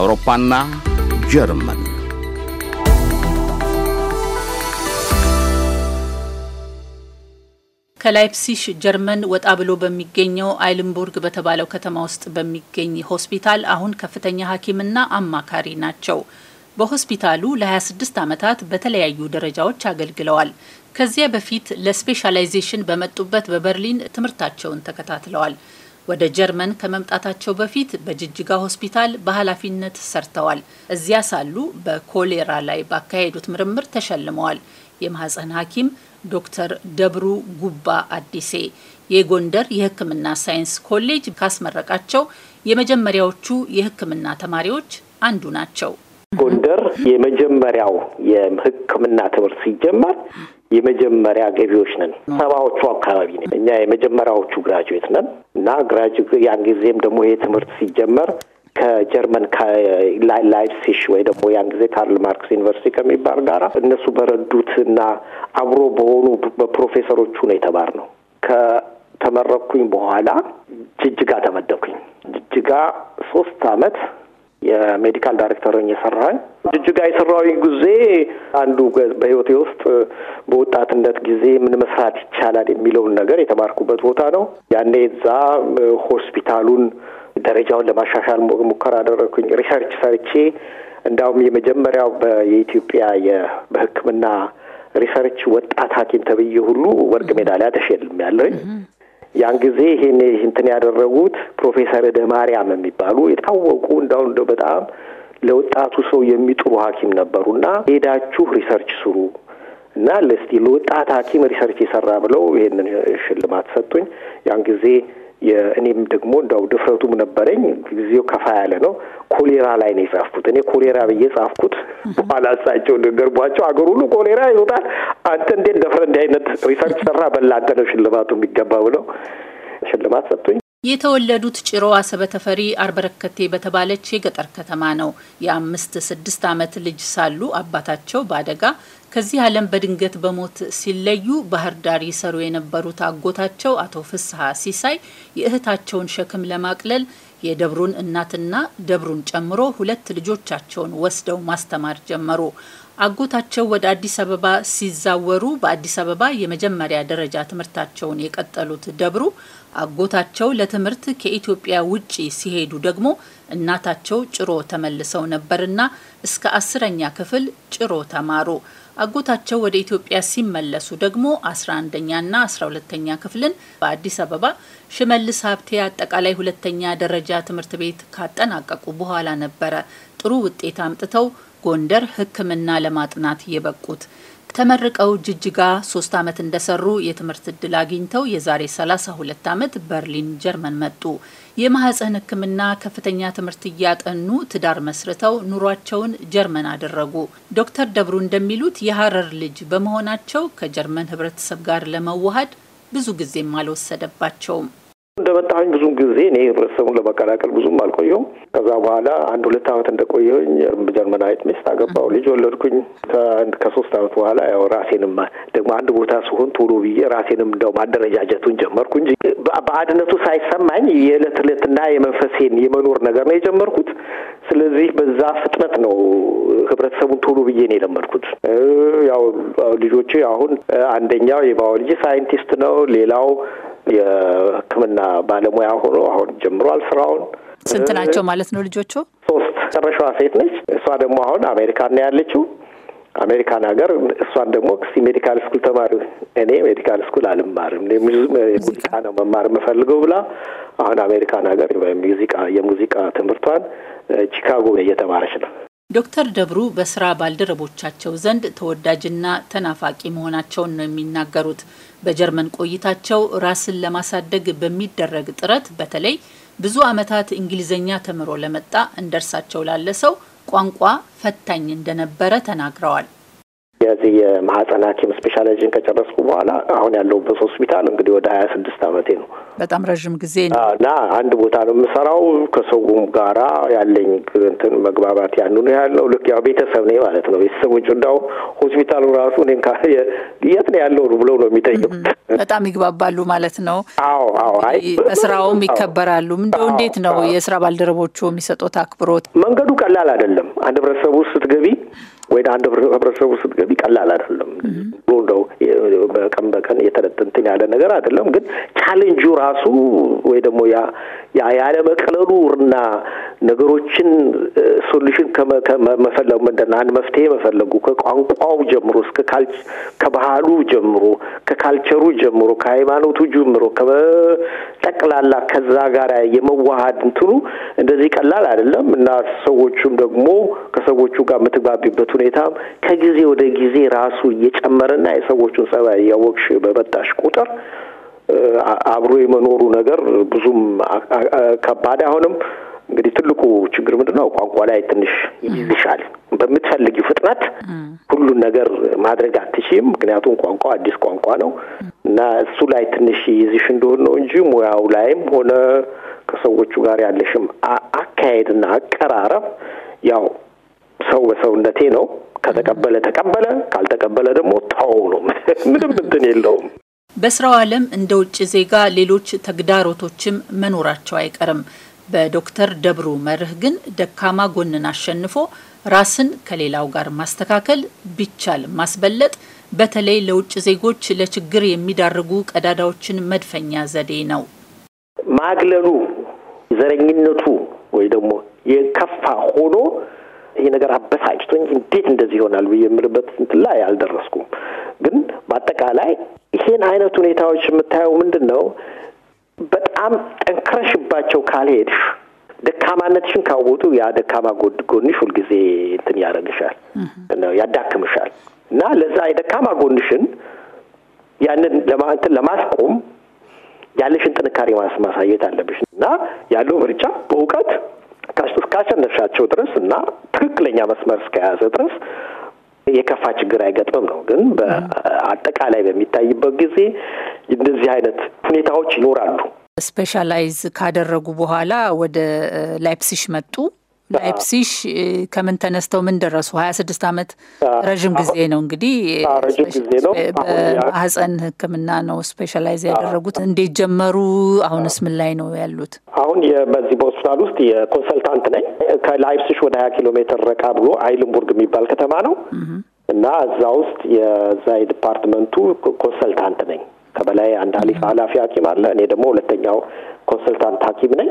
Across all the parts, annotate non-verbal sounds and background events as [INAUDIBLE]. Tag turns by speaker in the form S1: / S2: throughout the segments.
S1: አውሮፓና ጀርመን
S2: ከላይፕሲሽ ጀርመን ወጣ ብሎ በሚገኘው አይልምቡርግ በተባለው ከተማ ውስጥ በሚገኝ ሆስፒታል አሁን ከፍተኛ ሐኪምና አማካሪ ናቸው። በሆስፒታሉ ለ26 ዓመታት በተለያዩ ደረጃዎች አገልግለዋል። ከዚያ በፊት ለስፔሻላይዜሽን በመጡበት በበርሊን ትምህርታቸውን ተከታትለዋል። ወደ ጀርመን ከመምጣታቸው በፊት በጅጅጋ ሆስፒታል በኃላፊነት ሰርተዋል። እዚያ ሳሉ በኮሌራ ላይ ባካሄዱት ምርምር ተሸልመዋል። የማህፀን ሐኪም ዶክተር ደብሩ ጉባ አዲሴ የጎንደር የሕክምና ሳይንስ ኮሌጅ ካስመረቃቸው የመጀመሪያዎቹ የሕክምና ተማሪዎች አንዱ ናቸው።
S1: ጎንደር የመጀመሪያው የሕክምና ትምህርት ሲጀመር የመጀመሪያ ገቢዎች ነን። ሰባዎቹ አካባቢ ነን እኛ የመጀመሪያዎቹ ግራጁዌት ነን እና ግራጅ ያን ጊዜም ደግሞ ይሄ ትምህርት ሲጀመር ከጀርመን ላይፕሲሽ ወይ ደግሞ ያን ጊዜ ካርል ማርክስ ዩኒቨርሲቲ ከሚባል ጋር እነሱ በረዱት እና አብሮ በሆኑ በፕሮፌሰሮቹ ነው የተባር ነው። ከተመረኩኝ በኋላ ጅጅጋ ተመደብኩኝ። ጅጅጋ ሶስት አመት የሜዲካል ዳይሬክተር ሆኜ ጅጅጋ የሰራዊ ጊዜ አንዱ በህይወቴ ውስጥ በወጣትነት ጊዜ ምን መስራት ይቻላል የሚለውን ነገር የተማርኩበት ቦታ ነው። ያኔ እዛ ሆስፒታሉን ደረጃውን ለማሻሻል ሙከራ አደረግኩኝ። ሪሰርች ሰርቼ እንዳውም የመጀመሪያው የኢትዮጵያ በሕክምና ሪሰርች ወጣት ሐኪም ተብዬ ሁሉ ወርቅ ሜዳሊያ ያለኝ ያን ጊዜ ይሄን እንትን ያደረጉት ፕሮፌሰር እደ ማርያም የሚባሉ የታወቁ እንዳሁ እንደ በጣም ለወጣቱ ሰው የሚጥሩ ሐኪም ነበሩና ሄዳችሁ ሪሰርች ስሩ እና ለስቲ ለወጣት ሐኪም ሪሰርች የሰራ ብለው ይሄንን ሽልማት ሰጡኝ። ያን ጊዜ እኔም ደግሞ እንዳው ድፍረቱም ነበረኝ። ጊዜው ከፋ ያለ ነው። ኮሌራ ላይ ነው የጻፍኩት። እኔ ኮሌራ ብዬ ጻፍኩት። በኋላ እሳቸው ገርቧቸው አገር ሁሉ ኮሌራ ይወጣል። አንተ እንዴት ደፍረ እንዲህ አይነት ሪሰርች ሰራ? በላ አንተ ነው ሽልማቱ የሚገባ ብለው ሽልማት ሰጥቶኝ
S2: የተወለዱት ጭሮ አሰበ ተፈሪ አርበረከቴ በተባለች የገጠር ከተማ ነው። የአምስት ስድስት ዓመት ልጅ ሳሉ አባታቸው በአደጋ ከዚህ ዓለም በድንገት በሞት ሲለዩ ባህር ዳር ይሰሩ የነበሩት አጎታቸው አቶ ፍስሐ ሲሳይ የእህታቸውን ሸክም ለማቅለል የደብሩን እናትና ደብሩን ጨምሮ ሁለት ልጆቻቸውን ወስደው ማስተማር ጀመሩ። አጎታቸው ወደ አዲስ አበባ ሲዛወሩ በአዲስ አበባ የመጀመሪያ ደረጃ ትምህርታቸውን የቀጠሉት ደብሩ፣ አጎታቸው ለትምህርት ከኢትዮጵያ ውጪ ሲሄዱ ደግሞ እናታቸው ጭሮ ተመልሰው ነበርና እስከ አስረኛ ክፍል ጭሮ ተማሩ። አጎታቸው ወደ ኢትዮጵያ ሲመለሱ ደግሞ 11ኛና 12ኛ ክፍልን በአዲስ አበባ ሽመልስ ሀብቴ አጠቃላይ ሁለተኛ ደረጃ ትምህርት ቤት ካጠናቀቁ በኋላ ነበረ ጥሩ ውጤት አምጥተው ጎንደር ሕክምና ለማጥናት የበቁት። ተመርቀው ጅጅጋ ሶስት ዓመት እንደሰሩ የትምህርት ዕድል አግኝተው የዛሬ 32 ዓመት በርሊን ጀርመን መጡ። የማህፀን ሕክምና ከፍተኛ ትምህርት እያጠኑ ትዳር መስርተው ኑሯቸውን ጀርመን አደረጉ። ዶክተር ደብሩ እንደሚሉት የሀረር ልጅ በመሆናቸው ከጀርመን ህብረተሰብ ጋር ለመዋሃድ ብዙ ጊዜም አልወሰደባቸውም።
S1: እንደመጣሁኝ ብዙም ጊዜ እኔ ህብረተሰቡን ለመቀላቀል ብዙም አልቆየሁም። ከዛ በኋላ አንድ ሁለት ዓመት እንደቆየሁኝ ጀርመናዊት ሚስት አገባሁ፣ ልጅ ወለድኩኝ። ከሶስት ዓመት በኋላ ያው ራሴንም ደግሞ አንድ ቦታ ስሆን ቶሎ ብዬ ራሴንም እንደው ማደረጃጀቱን ጀመርኩ እንጂ በአድነቱ ሳይሰማኝ የዕለት ዕለትና የመንፈሴን የመኖር ነገር ነው የጀመርኩት። ስለዚህ በዛ ፍጥነት ነው ህብረተሰቡን ቶሎ ብዬ ነው የለመድኩት። ያው ልጆቹ አሁን አንደኛው የባዮሎጂ ሳይንቲስት ነው፣ ሌላው የሕክምና ባለሙያ ሆኖ አሁን ጀምሯል ስራውን። ስንት ናቸው
S2: ማለት ነው ልጆቹ?
S1: ሶስት። መጨረሻዋ ሴት ነች። እሷ ደግሞ አሁን አሜሪካን ነው ያለችው አሜሪካን ሀገር እሷን ደግሞ ክሲ ሜዲካል ስኩል ተማሪ እኔ ሜዲካል ስኩል አልማርም ሙዚቃ ነው መማር የምፈልገው ብላ አሁን አሜሪካን ሀገር ሙዚቃ የሙዚቃ ትምህርቷን ቺካጎ እየተማረች ነው።
S2: ዶክተር ደብሩ በስራ ባልደረቦቻቸው ዘንድ ተወዳጅና ተናፋቂ መሆናቸውን ነው የሚናገሩት። በጀርመን ቆይታቸው ራስን ለማሳደግ በሚደረግ ጥረት በተለይ ብዙ ዓመታት እንግሊዝኛ ተምሮ ለመጣ እንደ እርሳቸው ላለ ሰው ቋንቋ ፈታኝ እንደነበረ
S1: ተናግረዋል። የዚህ የማህፀን ሐኪም ስፔሻላይዜሽን ከጨረስኩ በኋላ አሁን ያለሁበት ሆስፒታል እንግዲህ ወደ ሀያ ስድስት አመቴ ነው። በጣም ረዥም ጊዜ እና አንድ ቦታ ነው የምሰራው። ከሰውም ጋራ ያለኝ እንትን መግባባት ያንኑ ነው ያለው። ልክ ያው ቤተሰብ ነኝ ማለት ነው። ቤተሰቦች እንዳው ሆስፒታሉ ራሱ እኔን የት ነው ያለው ብለው ነው የሚጠይቁት። በጣም
S2: ይግባባሉ ማለት ነው።
S1: አዎ አዎ። አይ ስራውም
S2: ይከበራሉ። እንደው እንዴት ነው የስራ ባልደረቦቹ የሚሰጡት አክብሮት?
S1: መንገዱ ቀላል አይደለም። አንድ ህብረተሰቡ ስትገቢ ወደ አንድ ህብረተሰቡ ስትገቢ ቀላል አይደለም። እንደው በቀን በቀን የተለጥንትን ያለ ነገር አይደለም። ግን ቻሌንጁ ራሱ ወይ ደግሞ ያ መቀለሉ እና ነገሮችን ሶሉሽን መፈለጉ ምንድን ነው አንድ መፍትሄ መፈለጉ ከቋንቋው ጀምሮ እስከ ካልች ከባህሉ ጀምሮ ከካልቸሩ ጀምሮ ከሃይማኖቱ ጀምሮ ከጠቅላላ ከዛ ጋር የመዋሃድ እንትኑ እንደዚህ ቀላል አይደለም እና ሰዎቹም ደግሞ ከሰዎቹ ጋር የምትግባቢበት ሁኔታም ከጊዜ ወደ ጊዜ ራሱ እየጨመረና የሰዎቹን ጸባይ እያወቅሽ በመጣሽ ቁጥር አብሮ የመኖሩ ነገር ብዙም ከባድ አይሆንም። እንግዲህ ትልቁ ችግር ምንድን ነው? ቋንቋ ላይ ትንሽ ይልሻል። በምትፈልጊው ፍጥነት ሁሉን ነገር ማድረግ አትችም። ምክንያቱም ቋንቋ አዲስ ቋንቋ ነው እና እሱ ላይ ትንሽ ይዝሽ እንደሆን ነው እንጂ ሙያው ላይም ሆነ ከሰዎቹ ጋር ያለሽም አካሄድና አቀራረብ ያው ሰው በሰውነቴ ነው። ከተቀበለ ተቀበለ፣ ካልተቀበለ ደግሞ ተው ነው። [LAUGHS] ምንም እንትን የለውም።
S2: በስራው ዓለም እንደ ውጭ ዜጋ ሌሎች ተግዳሮቶችም መኖራቸው አይቀርም። በዶክተር ደብሩ መርህ ግን ደካማ ጎንን አሸንፎ ራስን ከሌላው ጋር ማስተካከል ቢቻል ማስበለጥ በተለይ ለውጭ ዜጎች ለችግር የሚዳርጉ ቀዳዳዎችን መድፈኛ ዘዴ ነው።
S1: ማግለሉ፣ ዘረኝነቱ ወይ ደግሞ የከፋ ሆኖ ይሄ ነገር አበሳጭቶኝ እንዴት እንደዚህ ይሆናል ብዬ የምልበት እንትን ላይ አልደረስኩም። ግን በአጠቃላይ ይሄን አይነት ሁኔታዎች የምታየው ምንድን ነው፣ በጣም ጠንክረሽባቸው ካልሄድሽ ደካማነትሽን ካወጡ ያ ደካማ ጎንሽ ሁልጊዜ እንትን ያደረግሻል፣ ያዳክምሻል እና ለዛ የደካማ ጎንሽን ያንን ለማንትን ለማስቆም ያለሽን ጥንካሬ ማሳየት አለብሽ እና ያለው ምርጫ በእውቀት እስካሸነፍሻቸው ድረስ እና ትክክለኛ መስመር እስከያዘ ድረስ የከፋ ችግር አይገጥምም ነው። ግን በአጠቃላይ በሚታይበት ጊዜ እንደዚህ አይነት ሁኔታዎች ይኖራሉ።
S2: ስፔሻላይዝ ካደረጉ በኋላ ወደ ላይፕሲሽ መጡ። በኤፕሲሽ ከምን ተነስተው ምን ደረሱ? ሀያ ስድስት ዓመት ረዥም ጊዜ ነው እንግዲህ ረዥም ጊዜ ነው። በማህፀን ሕክምና ነው ስፔሻላይዝ ያደረጉት። እንዴት ጀመሩ? አሁንስ ምን ላይ ነው ያሉት?
S1: አሁን በዚህ በሆስፒታል ውስጥ የኮንሰልታንት ነኝ። ከላይፕሲሽ ወደ ሀያ ኪሎ ሜትር ረቃ ብሎ አይልምቡርግ የሚባል ከተማ ነው እና እዛ ውስጥ የዛ የዲፓርትመንቱ ኮንሰልታንት ነኝ። ከበላይ አንድ ሀላፊ ሐኪም አለ። እኔ ደግሞ ሁለተኛው ኮንሰልታንት ሐኪም ነኝ።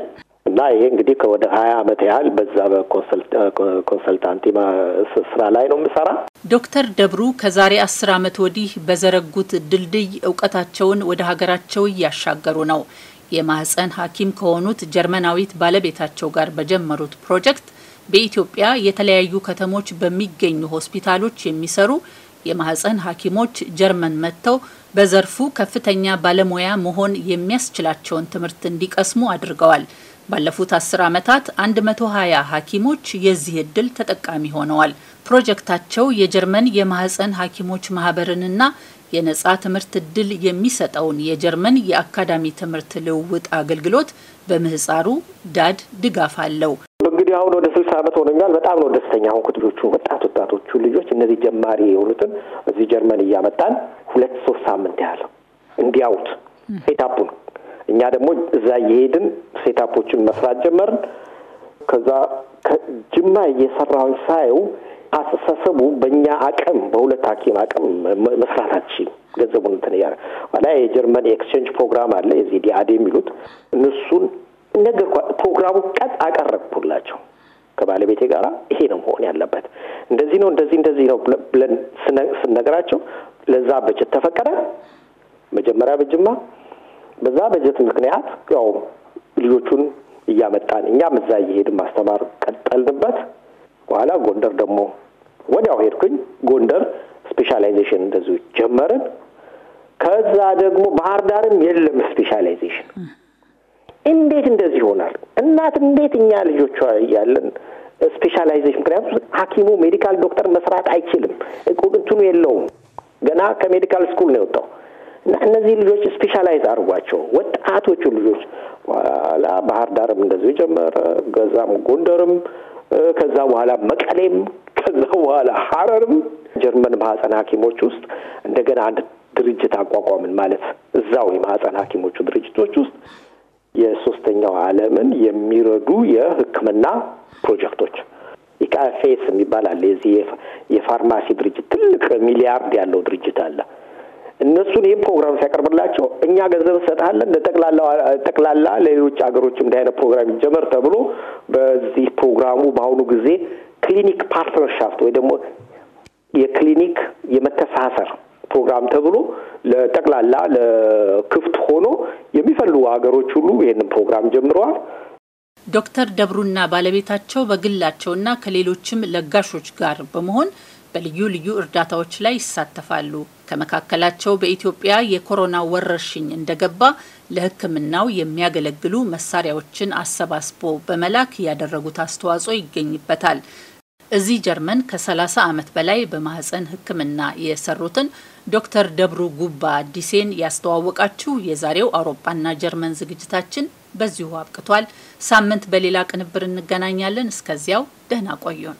S1: እና ይሄ እንግዲህ ከወደ ሀያ አመት ያህል በዛ በኮንሰልታንቲ ስራ ላይ ነው የምሰራ።
S2: ዶክተር ደብሩ ከዛሬ አስር ዓመት ወዲህ በዘረጉት ድልድይ እውቀታቸውን ወደ ሀገራቸው እያሻገሩ ነው። የማህፀን ሐኪም ከሆኑት ጀርመናዊት ባለቤታቸው ጋር በጀመሩት ፕሮጀክት በኢትዮጵያ የተለያዩ ከተሞች በሚገኙ ሆስፒታሎች የሚሰሩ የማህፀን ሐኪሞች ጀርመን መጥተው በዘርፉ ከፍተኛ ባለሙያ መሆን የሚያስችላቸውን ትምህርት እንዲቀስሙ አድርገዋል። ባለፉት አስር ዓመታት 120 ሐኪሞች የዚህ እድል ተጠቃሚ ሆነዋል። ፕሮጀክታቸው የጀርመን የማህፀን ሐኪሞች ማህበርንና የነጻ ትምህርት እድል የሚሰጠውን የጀርመን የአካዳሚ ትምህርት ልውውጥ አገልግሎት በምህፃሩ ዳድ ድጋፍ
S1: አለው። እንግዲህ አሁን ወደ ስልሳ ዓመት ሆነኛል። በጣም ነው ደስተኛ አሁን ክትሎቹ ወጣት ወጣቶቹ ልጆች እነዚህ ጀማሪ የሆኑትን እዚህ ጀርመን እያመጣን ሁለት ሶስት ሳምንት ያለው እንዲያውት ሴታፑ ነው እኛ ደግሞ እዛ እየሄድን ሴታፖችን መስራት ጀመርን። ከዛ ጅማ እየሰራሁኝ ሳየው አስተሳሰቡ በእኛ አቅም በሁለት ሐኪም አቅም መስራት አልችልም። ገንዘቡን እንትን እያ ኋላ የጀርመን ኤክስቼንጅ ፕሮግራም አለ የዚህ ዲአድ የሚሉት እነሱን ነገር ፕሮግራሙ ቀጥ አቀረብኩላቸው ከባለቤቴ ጋር ይሄ ነው መሆን ያለበት፣ እንደዚህ ነው፣ እንደዚህ እንደዚህ ነው ብለን ስነግራቸው ለዛ በጀት ተፈቀደ። መጀመሪያ በጅማ በዛ በጀት ምክንያት ያው ልጆቹን እያመጣን እኛም እዛ እየሄድ ማስተማር ቀጠልንበት። በኋላ ጎንደር ደግሞ ወዲያው ሄድኩኝ። ጎንደር ስፔሻላይዜሽን እንደዚሁ ጀመርን። ከዛ ደግሞ ባህር ዳርም የለም ስፔሻላይዜሽን። እንዴት እንደዚህ ይሆናል? እናት እንዴት እኛ ልጆቿ እያለን ስፔሻላይዜሽን፣ ምክንያቱም ሐኪሙ ሜዲካል ዶክተር መስራት አይችልም፣ እንትኑ የለውም። ገና ከሜዲካል ስኩል ነው የወጣው እና እነዚህ ልጆች ስፔሻላይዝ አድርጓቸው ወጣቶቹ ልጆች በኋላ ባህር ዳርም እንደዚሁ ጀመረ። ገዛም ጎንደርም፣ ከዛ በኋላ መቀሌም፣ ከዛ በኋላ ሀረርም ጀርመን ማህፀን ሐኪሞች ውስጥ እንደገና አንድ ድርጅት አቋቋምን። ማለት እዛው የማህፀን ሐኪሞቹ ድርጅቶች ውስጥ የሶስተኛው ዓለምን የሚረዱ የሕክምና ፕሮጀክቶች ኢቃፌስ የሚባል አለ። የዚህ የፋርማሲ ድርጅት ትልቅ ሚሊያርድ ያለው ድርጅት አለ። እነሱን ይህም ፕሮግራም ሲያቀርብላቸው እኛ ገንዘብ እንሰጥሃለን ጠቅላላ ለሌሎች ሀገሮች እንዲህ አይነት ፕሮግራም ይጀመር ተብሎ በዚህ ፕሮግራሙ በአሁኑ ጊዜ ክሊኒክ ፓርትነርሻፍት ወይ ደግሞ የክሊኒክ የመተሳሰር ፕሮግራም ተብሎ ለጠቅላላ ለክፍት ሆኖ የሚፈልጉ ሀገሮች ሁሉ ይህንን ፕሮግራም ጀምረዋል።
S2: ዶክተር ደብሩና ባለቤታቸው በግላቸውና ከሌሎችም ለጋሾች ጋር በመሆን በልዩ ልዩ እርዳታዎች ላይ ይሳተፋሉ። ከመካከላቸው በኢትዮጵያ የኮሮና ወረርሽኝ እንደገባ ለሕክምናው የሚያገለግሉ መሳሪያዎችን አሰባስቦ በመላክ ያደረጉት አስተዋጽኦ ይገኝበታል። እዚህ ጀርመን ከ30 ዓመት በላይ በማህፀን ሕክምና የሰሩትን ዶክተር ደብሩ ጉባ አዲሴን ያስተዋወቃችሁ የዛሬው አውሮፓና ጀርመን ዝግጅታችን በዚሁ አብቅቷል። ሳምንት በሌላ ቅንብር እንገናኛለን። እስከዚያው ደህና ቆዩን።